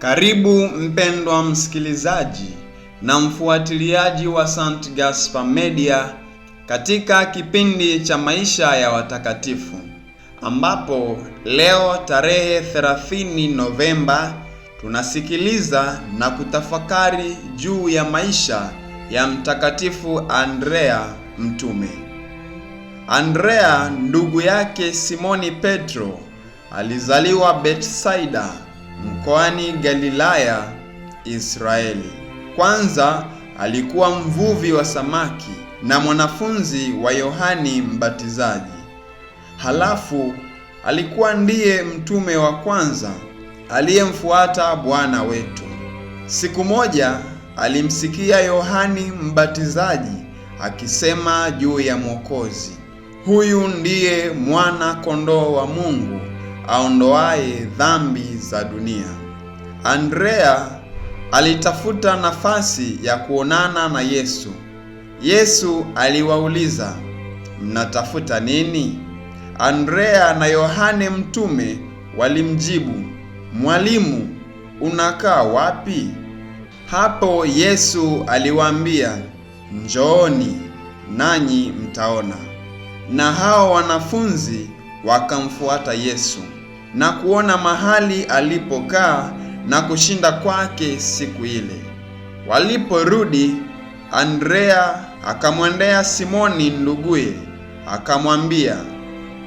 Karibu mpendwa msikilizaji na mfuatiliaji wa St. Gaspar Media katika kipindi cha maisha ya watakatifu ambapo leo tarehe 30 Novemba tunasikiliza na kutafakari juu ya maisha ya Mtakatifu Andrea Mtume. Andrea ndugu yake Simoni Petro alizaliwa Betsaida mkoani Galilaya, Israeli. Kwanza alikuwa mvuvi wa samaki na mwanafunzi wa Yohani Mbatizaji. Halafu alikuwa ndiye mtume wa kwanza aliyemfuata Bwana wetu. Siku moja alimsikia Yohani Mbatizaji akisema juu ya Mwokozi, huyu ndiye mwana kondoo wa Mungu aondoaye dhambi za dunia. Andrea alitafuta nafasi ya kuonana na Yesu. Yesu aliwauliza, mnatafuta nini? Andrea na Yohane mtume walimjibu, Mwalimu, unakaa wapi? Hapo Yesu aliwaambia, njooni nanyi mtaona. Na hao wanafunzi wakamfuata Yesu na kuona mahali alipokaa na kushinda kwake siku ile. Waliporudi, Andrea akamwendea Simoni nduguye, akamwambia,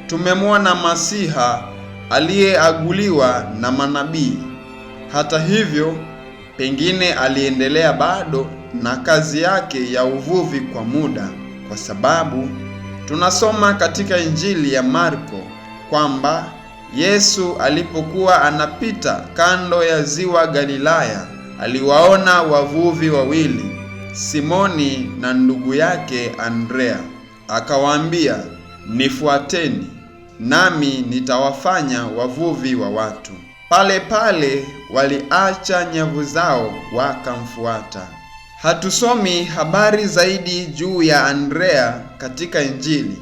tumemwona Masiha aliyeaguliwa na manabii. Hata hivyo, pengine aliendelea bado na kazi yake ya uvuvi kwa muda, kwa sababu tunasoma katika Injili ya Marko kwamba Yesu alipokuwa anapita kando ya ziwa Galilaya, aliwaona wavuvi wawili, Simoni na ndugu yake Andrea. Akawaambia, "Nifuateni, nami nitawafanya wavuvi wa watu." Pale pale waliacha nyavu zao wakamfuata. Hatusomi habari zaidi juu ya Andrea katika Injili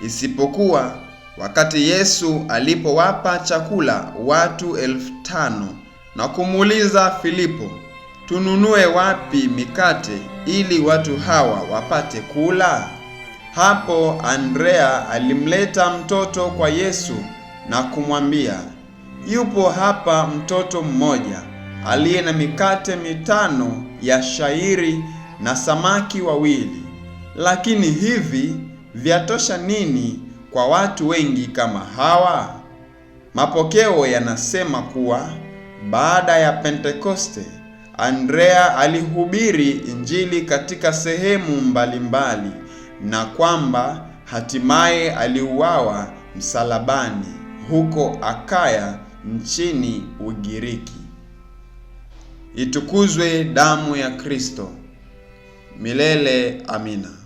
isipokuwa wakati Yesu alipowapa chakula watu elfu tano na kumuuliza Filipo, tununue wapi mikate ili watu hawa wapate kula? Hapo Andrea alimleta mtoto kwa Yesu na kumwambia, yupo hapa mtoto mmoja aliye na mikate mitano ya shairi na samaki wawili, lakini hivi vyatosha nini kwa watu wengi kama hawa, mapokeo yanasema kuwa baada ya Pentekoste, Andrea alihubiri Injili katika sehemu mbalimbali mbali, na kwamba hatimaye aliuawa msalabani huko Akaya nchini Ugiriki. Itukuzwe damu ya Kristo! Milele amina.